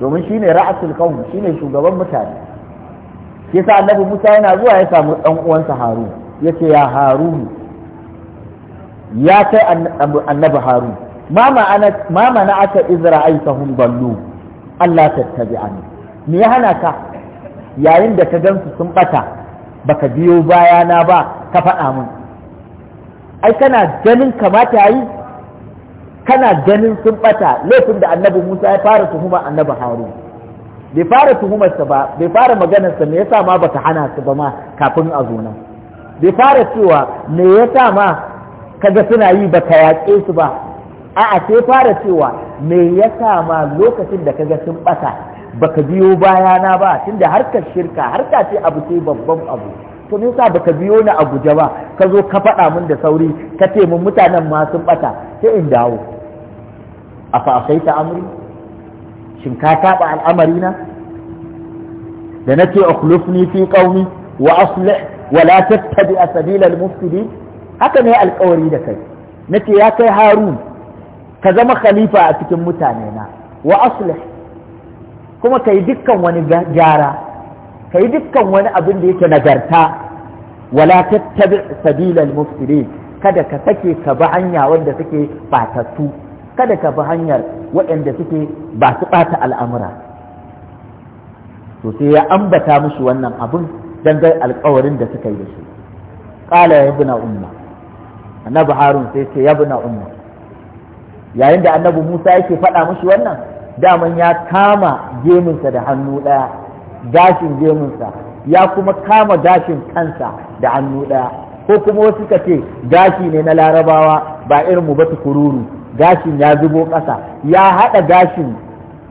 domin shine ra'asul qaum shine shugaban mutane yasa annabi Musa yana zuwa ya samu dan uwansa Harun yace ya Harun ya kai annabi harun ma ma'ana aka izra aikahun ballo. Allah tattabi'ani me ya hana ka yayin da ka gansu sun bata baka biyo bayana ba ka faɗa min ai kana ganin kamata yi kana ganin sun bata laifin da annabi Musa ya fara tuhuma annabi Harun bai fara tuhumarsa ba bai fara maganarsa me yasa ma baka hana su ba ma kafin a zo nan bai fara cewa me yasa ma kaga suna yi ba ka yaƙe su ba a'a sai fara cewa me ya ma lokacin da kaga sun ɓata baka biyo bayana ba tunda harkar shirka harka ce abu sai babban abu to me yasa baka biyo ni Abuja ba ka zo ka faɗa min da sauri ka ce mun mutanen ma sun ɓata sai in dawo A afa ta amri shin ka taɓa al'amari na da nake ukhlifni fi qaumi wa aslih wa la tattabi sabila al-mufsidin haka ne alkawari da kai na ce ya kai harun ka zama khalifa a cikin mutane na wa aslih kuma yi dukkan wani gyara yi dukkan wani abin da yake nagarta wala tattabi sabilal mufsidin kada ka sake ka bi hanya wanda suke batattu kada ka bi hanyar waɗanda suke ba su bata al'amura to sai ya ambata musu wannan abin don alkawarin da suka yi da shi ƙala ya na umma annabi harun sai ce ya buna umma yayin da annabi musa yake faɗa mushi wannan daman ya kama geminsa da hannu ɗaya gashin geminsa ya kuma kama gashin kansa da hannu ɗaya ko kuma wasu ka ce gashi ne na larabawa ba irin mu ba kururu gashin ya zubo ƙasa ya haɗa gashin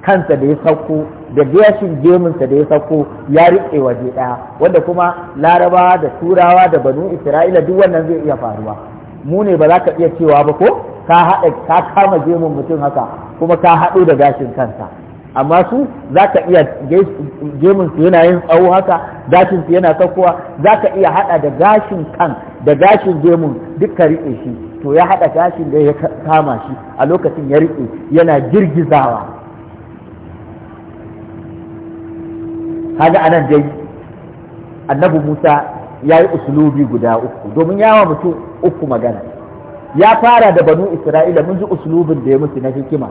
kansa da ya sauko da gashin geminsa da ya sauko ya riƙe waje ɗaya wanda kuma larabawa da turawa da banu isra'ila duk wannan zai iya faruwa mu ne ba za ka iya cewa ba ko ka haɗa ka kama gemun mutum haka kuma ka haɗu da gashin kansa amma su za ka iya gemun su yana yin tsawo haka gashin su yana saukowa za ka iya haɗa da gashin kan da gashin gemun duk ka riƙe shi to ya haɗa gashin da ya kama shi a lokacin ya riƙe yana girgizawa kaga anan dai annabi Musa ya yi usulubi guda uku domin yawa mutum uku magana ya fara da banu isra'ila mun ji usulubin da ya musu na hikima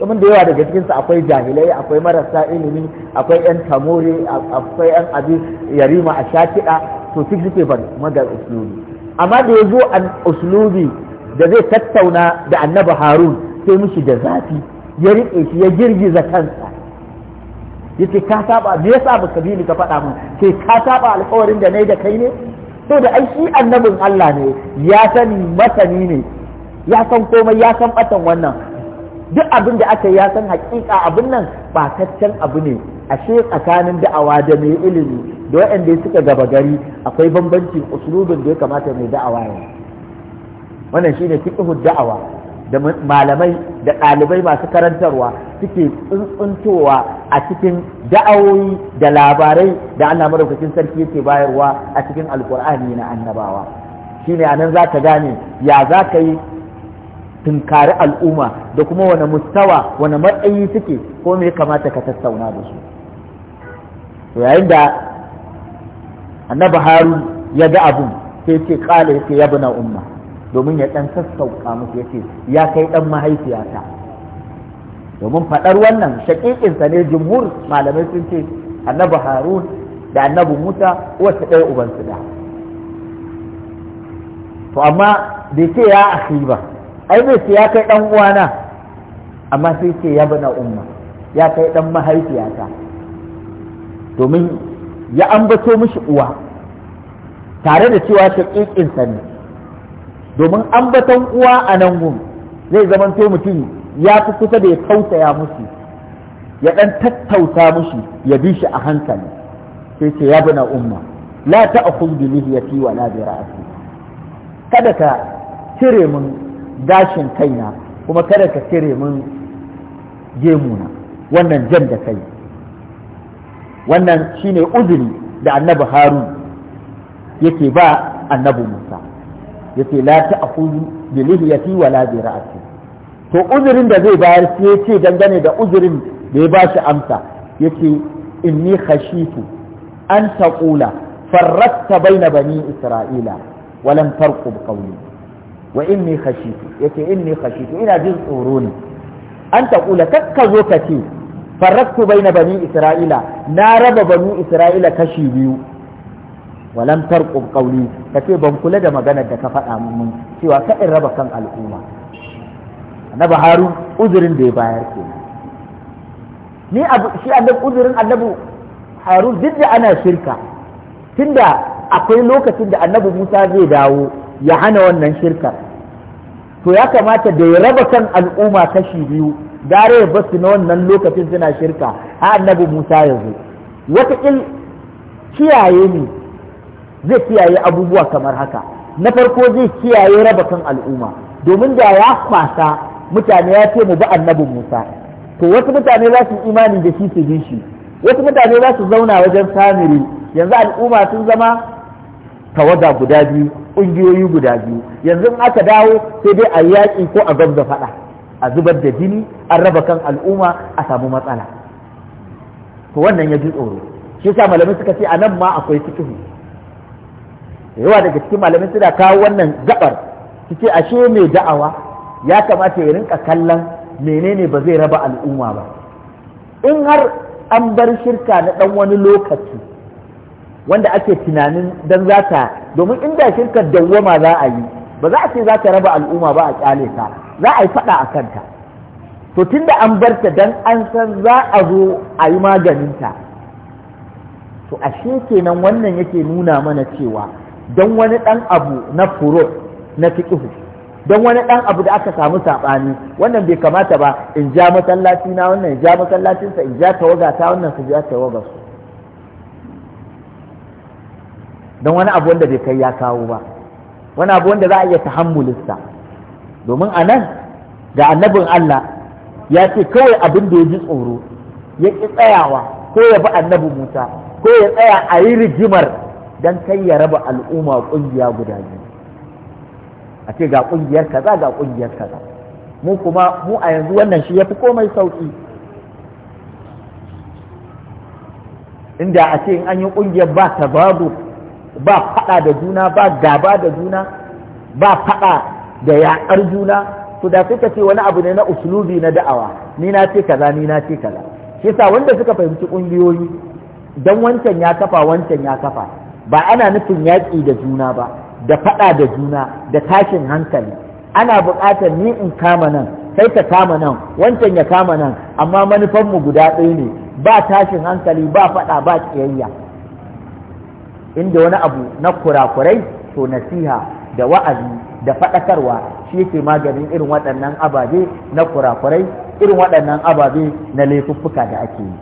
domin da yawa daga cikinsa akwai jahilai akwai marasa ilimi akwai yan tamori akwai yan abin yarima a shakiɗa to su suke ban magar usulubi amma da ya zo an usulubi da zai tattauna da annabi harun sai mishi da zafi ya riƙe shi ya girgiza kansa yace ka saba me yasa baka bi ni ka faɗa mun? ce ka saba alƙawarin da nayi da kai ne to da ai shi annabin Allah ne ya sani masani ne ya san komai ya san batan wannan duk abin da aka ya san hakika abin nan ba taccen abu ne ashe tsakanin da'awa da mai ilimi da waɗanda suka gaba gari akwai bambancin usulubin da ya kamata mai da'awa ya wannan shine fiqhu da'awa da malamai da ɗalibai masu karantarwa suke tsuntsuntowa a cikin da'awoyi da labarai da Allah madaukakin sarki yake bayarwa a cikin alkur'ani na annabawa Shi shine anan za ka gane ya za ka yi tunkari al'umma da kuma wani mustawa wani matsayi suke ko me kamata ka tattauna da su to yayin da annabi harun ya ga abun sai ce kala yake yabna umma domin ya ɗan sassauka musu ce ya kai ɗan mahaifiyata domin faɗar wannan shaƙiƙinsa ne jumhur malamai sun ce annabi harun da annabi musa wasu ɗaya ubansu da to amma bai ce ya akhi ba ai bai ce ya kai ɗan uwana amma sai ce ya bana umma ya kai ɗan mahaifiyata domin ya ambato mishi uwa tare da cewa shakikinsa ne domin ambaton uwa a nan gun zai zamanto mutum ya fi kusa da ya tausaya musu ya ɗan tattauta musu ya bi shi a hankali sai ce ya bina umma la ta'khudh bi lihiyati wa la bi ra'si kada ka cire min gashin kaina kuma kada ka cire min gemuna wannan jan da kai wannan shine uzuri da annabi harun yake ba annabi musa yace la ta'khudhu bi lihiyati wa la bi ra'si to uzurin da zai bayar sai ya ce dangane da uzurin da ya ba shi amsa yace inni khashitu an taqula farratta baina bani isra'ila wa lam tarqub qawli wa inni khashitu yace inni khashitu ina jin tsoro ne an taqula kakka zo ka ce farrattu baina bani isra'ila na raba bani isra'ila kashi biyu walam tarqub qawli kace ban kula da maganar da ka faɗa mun cewa ka in raba kan al'umma annabi harun uzurin da ya bayar kenan ni abu shi annabi uzurin annabi harun duk da ana shirka tunda akwai lokacin da annabi musa zai dawo ya hana wannan shirkar to ya kamata da ya raba kan al'umma kashi biyu gare ya basu na wannan lokacin suna shirka a annabi musa ya zo wataƙil kiyaye ne zai kiyaye abubuwa kamar haka na farko zai kiyaye raba kan al'umma domin da ya kwasa mutane ya ce mu bi annabi Musa to wasu mutane za su imani da shi su bi shi wasu mutane za su zauna wajen samiri yanzu al'umma sun zama tawaga guda biyu ƙungiyoyi guda biyu yanzu in aka dawo sai dai a yaƙi ko a gamza faɗa a zubar da jini a raba kan al'umma a samu matsala to wannan ya ji tsoro shi sa malamai suka ce a nan ma akwai fikihu yawa daga cikin malamin suna kawo wannan gabar su ce ashe mai da'awa ya kamata ya rinka kallon menene ba zai raba al'umma ba in har an bar shirka na dan wani lokaci wanda ake tunanin don za ta domin inda shirkar dawwama za a yi ba za a ce za ta raba al'umma ba a kyale ta za a yi faɗa a kanta to tunda an bar ta dan an san za a zo a yi maganinta to ashe kenan wannan yake nuna mana cewa don wani ɗan abu na furo na fiƙihu don wani ɗan abu da aka samu saɓani wannan bai kamata ba in ja masallaci na wannan in ja masallacinsa in ja tawaga ta wannan su ja tawaga su don wani abu wanda bai kai ya kawo ba wani abu wanda za a iya tahammulinsa domin a nan ga annabin Allah ya ce kawai abin da ya ji tsoro ya ƙi tsayawa ko ya bi annabi Musa ko ya tsaya a yi rigimar don kai ya raba al'umma ƙungiya guda biyu a ce ga ƙungiyar kaza ga ƙungiyar kaza mu kuma mu a yanzu wannan shi ya fi komai sauƙi inda a ce in an yi ƙungiyar ba ta babu, ba faɗa da juna ba gaba da juna ba faɗa da yaƙar juna to da suka ce wani abu ne na usulubi na da'awa ni na ce kaza ni na ce kaza shi yasa wanda suka fahimci ƙungiyoyi dan wancan ya kafa wancan ya kafa ba ana nufin yaƙi da juna ba da faɗa da juna da tashin hankali ana buƙatar ni in kama nan sai ka kama nan wancan ya kama nan amma mu guda ɗaya ne ba tashin hankali ba faɗa ba ƙiyayya inda wani abu na kurakurai to nasiha da wa'azi da faɗakarwa shi yake maganin irin waɗannan ababe na kurakurai irin waɗannan ababe na laifuffuka da ake yi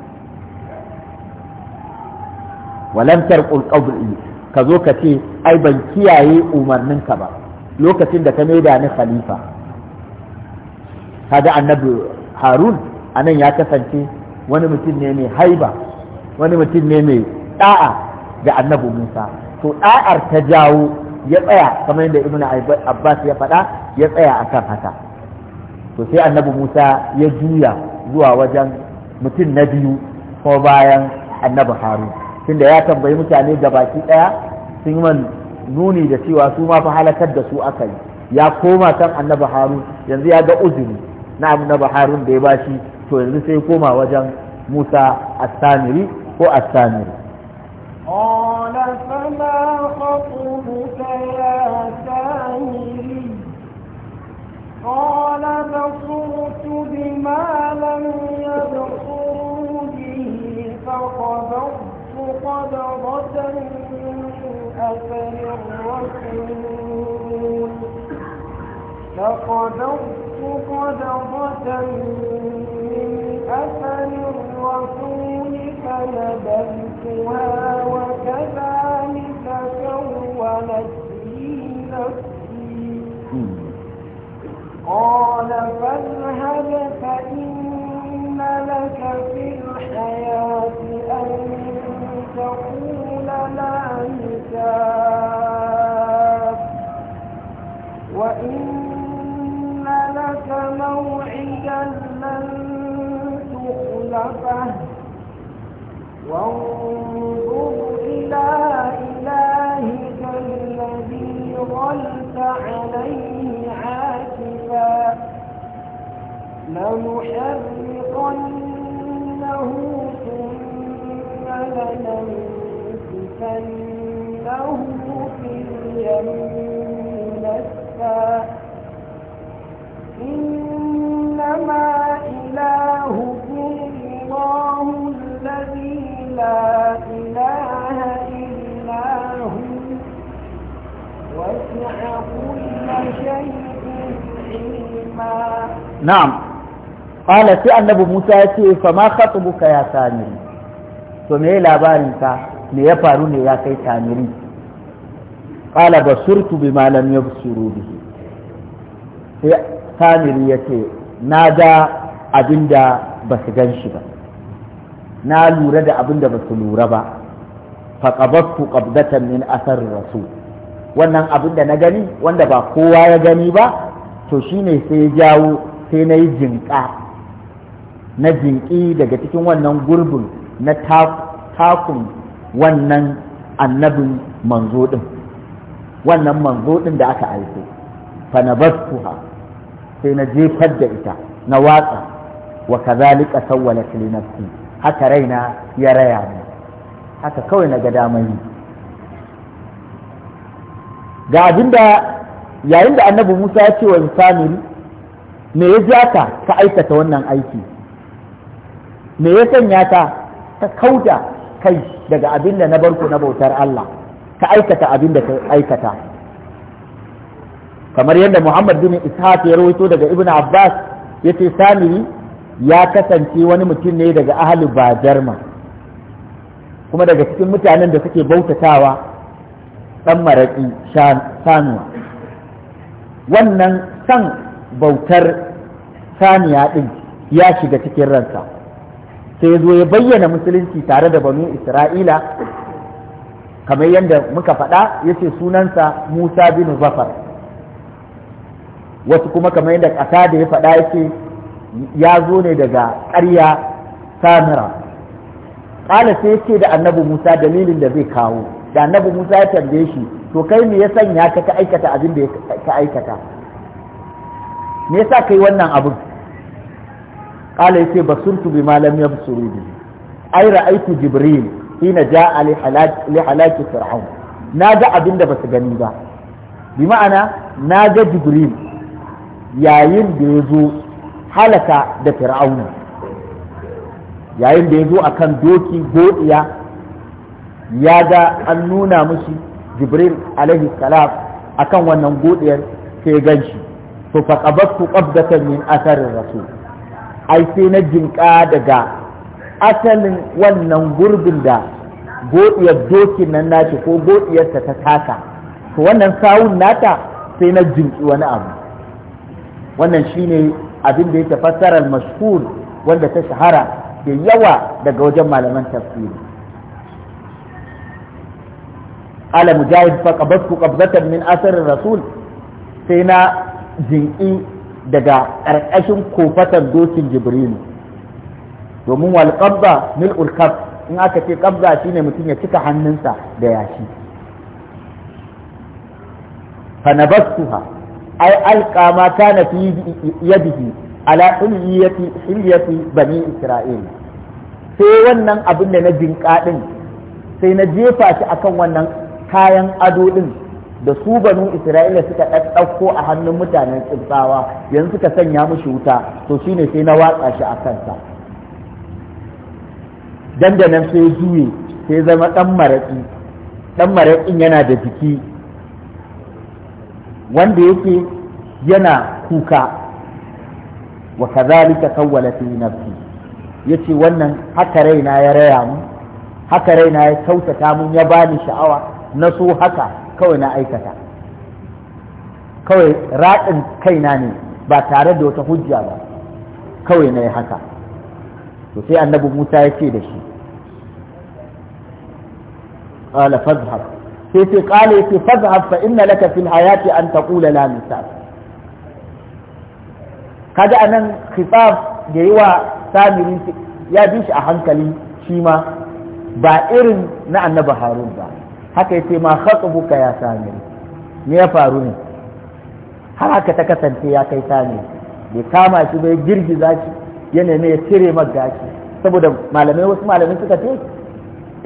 walam tarqul qawli ka zo ka ce ai ban kiyaye umarnin ka ba lokacin da ka maida ni khalifa kaga annabi harun anan ya kasance wani mutum ne mai haiba wani mutum ne mai da'a ga annabi musa to da'ar ta jawo ya tsaya kamar yadda ibnu abbas ya faɗa ya tsaya akan haka to sai annabi musa ya juya zuwa wajen mutum na biyu ko bayan annabi harun tunda ya tambayi mutane da baki ɗaya sun yi man nuni da cewa su ma fa halakar da su aka yi ya koma kan annabi harun yanzu ya ga uzuri na annabi harun da ya bashi to yanzu sai koma wajen musa as-samiri ko as-samiri قال بصرت بما لم يبصروا به فقبضت قبضة من أثر الرسول فقبضت قبضة من أثر الرسول فنبذتها وكذلك كونت لي قال فاذهب فإن لك في الحياة أن تقول لا يكاف وإن لك موعدا لن تخلفه وانظر إلى إلهك الذي ظلت عليه عاكفا لنحرقنه ثم فلننكفنه في اليم نسفا إنما إلهكم الله الذي لا إله إلا هو وسع كل شيء علما نعم قال سي النبي موسى يتي فما خطبك يا سامري to me labarin ka me ya faru ne ya kai tamiri qala basurtu bima lam yabsuru bi sai tamiri yace na ga abinda ba su gan shi ba na lura da abinda ba su lura ba qabattu qabdatan min athar rasul wannan abinda na gani wanda ba kowa ya gani ba to shine sai jawo sai na yi jinƙa na jinƙi daga cikin wannan gurbin na takun wannan annabin manzo ɗin, wannan manzo ɗin da aka aiko fa ha, sai na jefar da ita na watsa wa kazalika sawwalat li nafsi haka raina ya raya ni haka kawai na ga damar yi ga da yayin da annabi Musa ya ce wa insani me ya ka ka aikata wannan aiki me ya sanya ta? ta kauta kai daga abin da na barku na bautar Allah ka aikata abin da ka aikata kamar yadda Muhammad bin Ishaq ya rawaito daga Ibn Abbas yace sami ya kasance wani mutum ne daga ahli Bajarma kuma daga cikin mutanen da suke bautatawa dan maraki sanuwa wannan san bautar saniya din ya shiga cikin ransa sai zo ya bayyana musulunci tare da banu isra'ila kamar yadda muka faɗa ya ce sunansa musa bin zafar wasu kuma kamar yadda ƙasa da ya faɗa ya ce ya zo ne daga ƙarya samira ƙala sai ce da annabi musa dalilin da zai kawo da annabi musa ya tambaye shi to kai me ya sanya ka ka aikata abin da ka aikata me yasa kai wannan abin qala yace basurtu bima lam yabsuru bi ai ra'aytu jibril hina ja'a li halak li ga fir'aun naga abinda basu gani ba bi ma'ana naga jibril yayin da yazo halaka da fir'auna yayin da yazo akan doki godiya ya ga an nuna mushi jibril alaihi salam akan wannan godiyar sai ganshi to faqabattu qabdatan min atharir rasul ai sai na jinka daga asalin wannan gurbin da godiyar dokin nan nashi ko godiyarsa ta taka to wannan sawun nata sai na jinki wani abu wannan shine abin da yake fassarar mashhur wanda ta shahara da yawa daga wajen malaman tafsiri ala mujahid fa qabatu qabdatan min asar rasul sai na jinki daga ƙarƙashin kofatar dokin jibrilu domin walƙabba mil mil'ul in aka ce shi ne mutum ya cika hannunsa da yashi fa ha. Ai alqa ma na fi yadihi ala ulliyati bani isra'il sai wannan abin da na jinƙa ɗin, sai na jefa shi akan wannan kayan ado ɗin. da su banu isra'ila suka ɗauko a hannun mutanen tsibtsawa yanzu suka sanya mushi wuta to shine sai na watsa shi a kansa dandanan sai juye sai zama ɗan maraƙi ɗan maraƙin yana da jiki wanda yake yana kuka wa kazalika kawwala fi nafsi yace wannan haka raina ya raya mu haka raina ya kyautata mun ya bani sha'awa na so haka kawai na aikata kawai raɗin kaina ne ba tare da wata hujja ba kawai na yi haka to sai annabi musa ya ce da shi ƙala fazhar sai sai ƙala ya ce fazhar fa inna laka fil hayati an taqula la misal kaga anan khitab da yi wa samiri ya bi shi a hankali shi ma ba irin na annabi harun ba haka yace ma khatbuka ya sami me ya faru ne har haka ta kasance ya kai sami bai kama shi bai girgiza shi ya ne ya cire gaki saboda malamai wasu malamai suka ce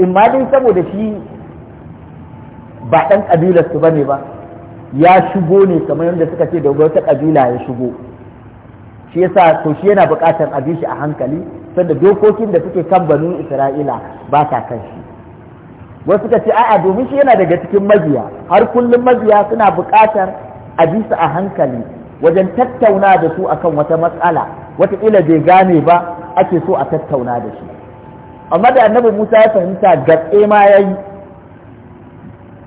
in ma dai saboda shi ba dan kabilarsu su bane ba ya shigo ne kamar yadda suka ce da wata kabila ya shigo shi yasa to shi yana buƙatar a shi a hankali sanda dokokin da suke kan banu isra'ila ba sa kan shi wasu ka ce a'a domin shi yana daga cikin maziya har kullum maziya suna buƙatar a bi su a hankali wajen tattauna da su akan wata matsala wataƙila bai gane ba ake so a tattauna da shi amma da annabi musa ya fahimta gatse ma ya yi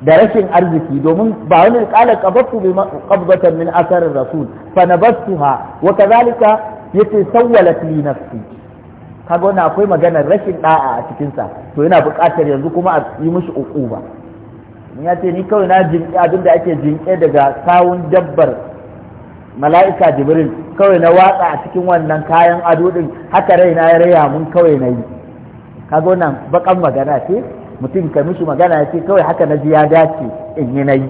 da rashin arziki domin ba wani kala qabattu bi qabdatan min asarin rasul fa nabastuha wa kadhalika yace sawwalat li nafsi kaga wannan akwai maganar rashin da'a a cikinsa to yana buƙatar yanzu kuma a yi mishi ba. ya ce ni kawai na jinƙe abin da ake jinƙe daga sawun dabbar mala'ika jibril kawai na watsa a cikin wannan kayan ado din haka na ya raya mun kawai na yi kaga wannan bakan magana ce mutum ka mishi magana ya ce kawai haka na ji ya dace in yi na yi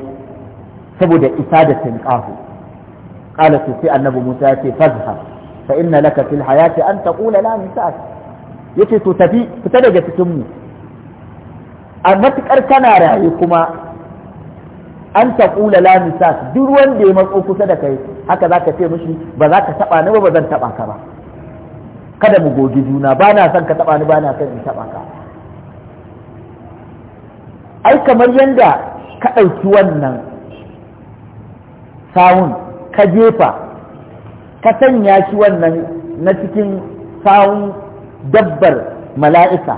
saboda isa da tinƙahu ƙala sai annabi musa ya ce fazhar fa inna laka fil hayati an taqula la misas yace to tafi fita daga cikin mu a matukar kana raye kuma an taqula la misas duk wanda ya matso kusa da kai haka zaka ce mishi ba za ka taba ni ba ba zan taba ka ba kada mu gogi juna ba na son ka taba ni ba na son in taba ka ai kamar yanda ka ɗauki wannan sawun ka jefa ka sanya shi wannan na cikin sawun dabbar mala'ika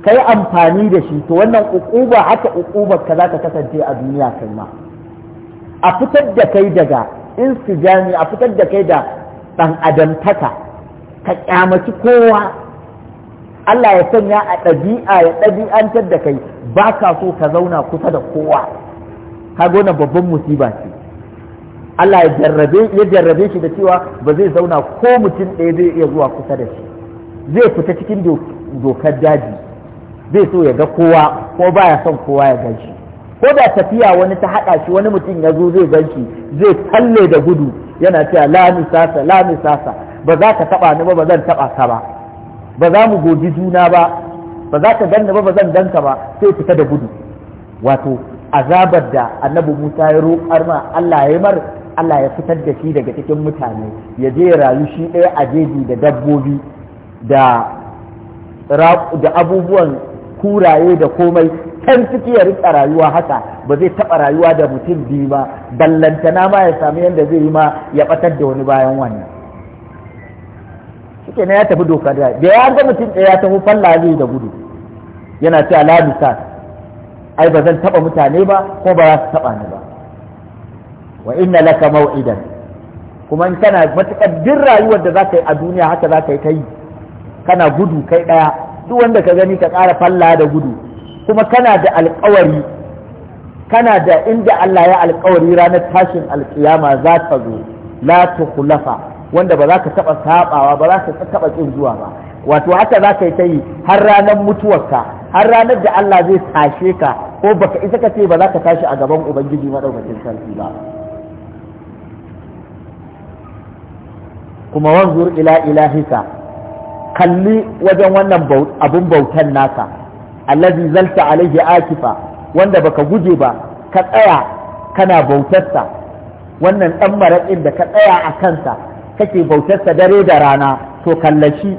ka yi amfani da shi to wannan ukuba haka uqubar ka za ka kasance a duniya kai ma a fitar da kai daga insijani a fitar da kai da ɗan adamtaka ka ƙyamaci kowa Allah ya sanya a ɗabi'a ya ɗabi'antar da kai ba ka so ka zauna kusa da kowa ka gona babban musiba ce Allah ya jarrabe shi da cewa ba zai zauna ko mutum ɗaya zai iya zuwa kusa da shi zai fita cikin dokar daji zai so ya ga kowa ko baya son kowa ya gan shi ko da tafiya wani ta haɗa shi wani mutum ya zo zai gan shi zai talle da gudu yana cewa la misasa la misasa ba za ka taɓa ni ba ba zan taɓa ka ba ba za mu goji juna ba ba za ka ganni ba ba zan ganka ba sai fita da gudu wato azabar da annabi Musa ya roƙar ma Allah ya mar Allah ya fitar da shi daga cikin mutane ya je ya rayu shi ɗaya a jeji da dabbobi da abubuwan kuraye da komai can ciki ya rika rayuwa haka ba zai taɓa rayuwa da mutum biyu ba ballantana ma ya sami yadda zai yi ma ya ɓatar da wani bayan wannan shi ya tafi doka da da ya ga mutum ɗaya ya tafi falla zai da gudu yana cewa la misal ai ba zan taɓa mutane ba ko ba za su taɓa ni ba wa inna laka maw'idan kuma in kana matukar din rayuwar da za ka yi a duniya haka za ka yi ta yi kana gudu kai ɗaya duk wanda ka gani ka ƙara falla da gudu kuma kana da alƙawari kana da inda Allah ya alƙawari ranar tashin alƙiyama za ta zo la tukhlafa wanda ba za ka taɓa saɓawa ba za ka taɓa ƙin zuwa ba wato haka za ka yi ta yi har ranar mutuwarka har ranar da Allah zai tashe ka ko baka isa ka ce ba za ka tashi a gaban ubangiji madaukakin sarki ba kuma wanzur ila ilahika kalli wajen wannan abun bautan naka allazi zalta alaihi akifa wanda baka guje ba ka tsaya kana bautarsa wannan dan maraƙin da ka tsaya a kansa kake bautarsa dare da rana to kallashi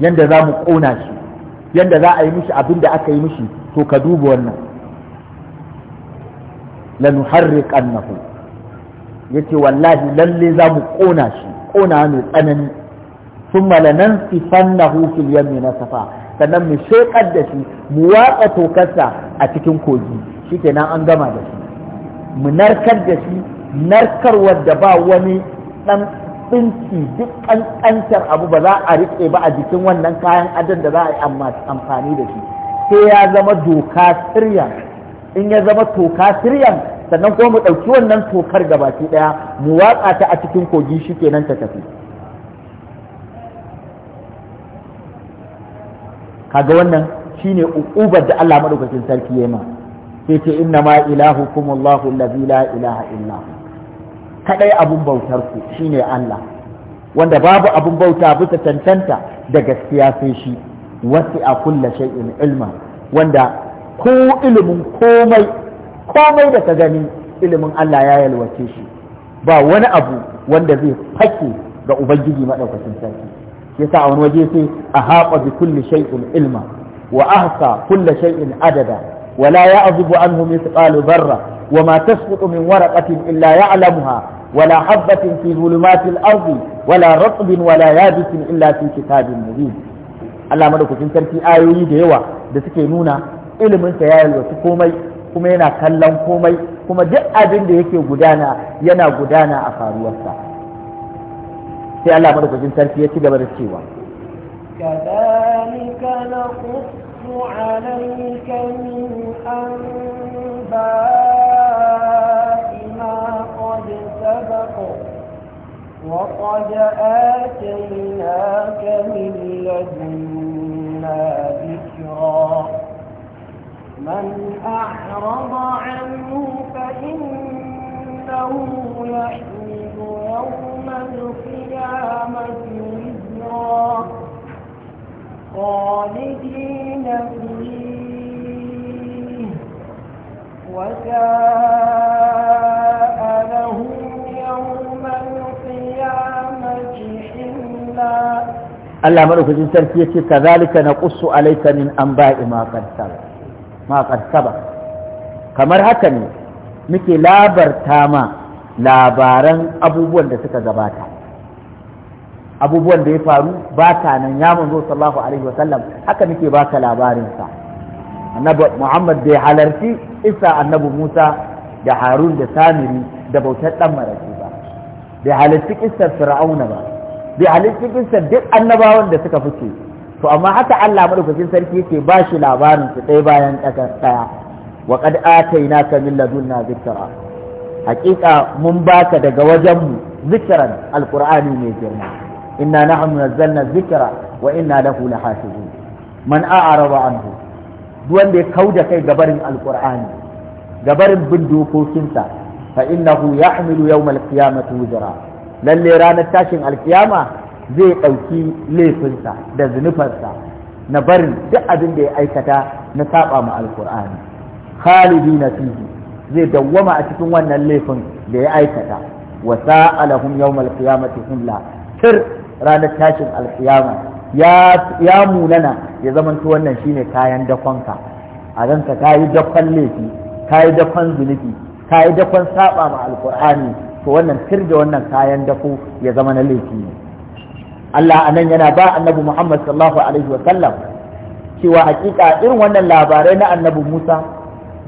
yanda za mu ƙona shi yanda za a yi mishi abin da aka yi mishi to ka duba wannan lanuharriqannahu yace wallahi lalle za mu shi kona mai tsanani sun malanan sifannahu yamma na nasafa sannan mu shekar da shi mu watsa tokarsa a cikin kogi shikenan an gama da shi mu narkar da shi narkarwar da ba wani ɗan tsinci duk ƙanƙantar abu ba za a riƙe ba a jikin wannan kayan adon da za a yi amfani da shi sai ya zama doka siryan in ya zama toka siryan sannan kuma mu ɗauki wannan tokar da baki ɗaya mu watsa ta a cikin kogi shi kenan ta tafi kaga wannan shine uqubar da Allah madaukakin sarki yayi ma sai ce inna ma ilahukum Allahu allazi la ilaha illa kadai abun bautar ku shine Allah wanda babu abun bauta bisa cancanta da gaskiya sai shi wasi a kulla shay'in ilma wanda ko ilimin komai komai da ka gani ilimin Allah ya yalwace shi ba wani abu wanda zai fake ga ubangiji madaukakin sarki yasa a wani waje sai a haƙa bi kulli shay'in ilma wa ahsa kulli shay'in adada wa la ya'zubu anhu mithqalu dharra wa ma tasqutu min waraqatin illa ya'lamuha wa wala habatin fi zulumatil ardi wa la ratbin wa la yabisin illa fi kitabin mubin Allah madaukakin sarki ayoyi da yawa da suke nuna iliminsa ya yalwaci komai kuma yana kallon komai kuma duk abin da yake gudana yana gudana a faruwarsa sai Allah madaukakin sarki ya ci gaba da cewa كذلك نقص عليك من أنباء ما قد سبق وقد آتيناك من لدنا ذكرا من أعرض عنه فإنه يحمل يوم القيامة وزرا خالدين فيه وساء لهم يوم القيامة حملا الله ملك الجنسان كذلك نقص عليك من أنباء ما قد سبق ma karsaba kamar haka ne muke labarta ma labaran abubuwan da suka gabata abubuwan da ya faru ba ta nan ya manzo sallallahu alaihi wasallam haka muke ba baka labarinsa annabi muhammad bai halarci isa annabi musa da harun da samiri da bautar dan maraki ba bai halarci kissar fir'auna ba bai halarci kissar duk annabawan da suka fice to amma haka Allah madaukakin sarki yake ba shi labarin su ɗaya bayan ɗaya wa qad atainaka min ladunna dhikra haƙiƙa mun baka daga wajenmu zikiran alqur'ani mai girma inna nahnu nazzalna dhikra wa inna lahu lahafizun man a'rada anhu duk wanda ya kauda kai gabarin alqur'ani gabarin bin dokokinsa fa innahu yahmilu yawmal qiyamati wuzra lalle ranar tashin alkiyama zai ɗauki laifinsa da zunufansa na barin duk abin da ya aikata na saba ma alkur'ani khalidi na fihi zai dawwama a cikin wannan laifin da ya aikata wa sa'alahum yawmal qiyamati humla sir ranar tashin alkiyama ya ya munana ya zamanto wannan shine kayan dakonka a ranka kayi dakon laifi kayi dakon zunubi kayi dakon saba ma alkur'ani to wannan sir da wannan kayan dako ya zama na laifi ne Allah anan yana ba annabi Muhammad sallallahu alaihi wa sallam cewa hakika irin wannan labarai na annabi Musa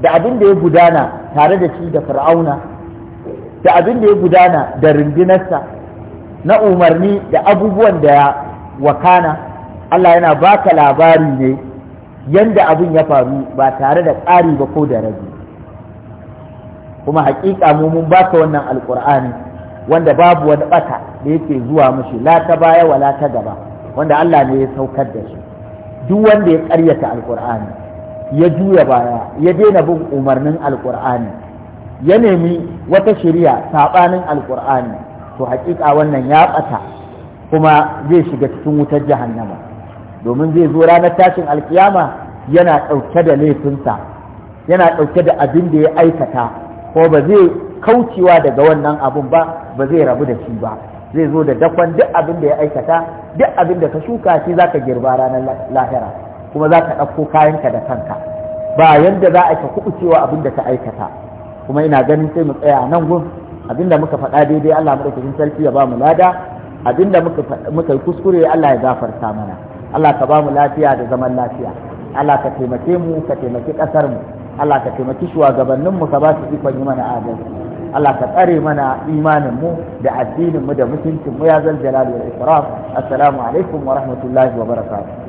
da abin da ya gudana tare da shi da Fir'auna da abin da ya gudana da rundunarsa na umarni da abubuwan da ya wakana Allah yana baka labari ne yanda abin ya faru ba tare da ƙari ba ko da rabi kuma hakika mu mun baka wannan alkur'ani wanda babu wani bata da yake zuwa mushi la ta baya wa ta gaba wanda Allah ne ya saukar da shi duk wanda ya ƙaryata alkur'ani ya juya baya ya daina bin umarnin alkur'ani ya nemi wata shari'a sabanin alkur'ani to hakika wannan ya bata kuma zai shiga cikin wutar jahannama domin zai zo ranar tashin alkiyama yana ɗauke da laifinsa yana ɗauke da abin da ya aikata ko ba zai kaucewa daga wannan abun ba ba zai rabu da shi ba zai zo da dakon duk abin da ya aikata duk abin da ka shuka shi za ka girba ranar lahira kuma za ka ɗauko kayanka da kanka ba yadda za a ka kubucewa abin da ka aikata kuma ina ganin sai mu tsaya nan gun abin da muka faɗa daidai Allah madaukakin sarki ya ba mu lada abin da muka yi kuskure Allah ya gafarta mana Allah ka ba mu lafiya da zaman lafiya Allah ka taimake mu ka taimaki ƙasar mu Allah ka taimaki shugabanninmu ka ba su ikon yi mana adalci Allah ka tsare mana imanin mu da addinin mu da mutuncin mu ya zal jalali wa ikram assalamu alaikum wa rahmatullahi wa barakatuh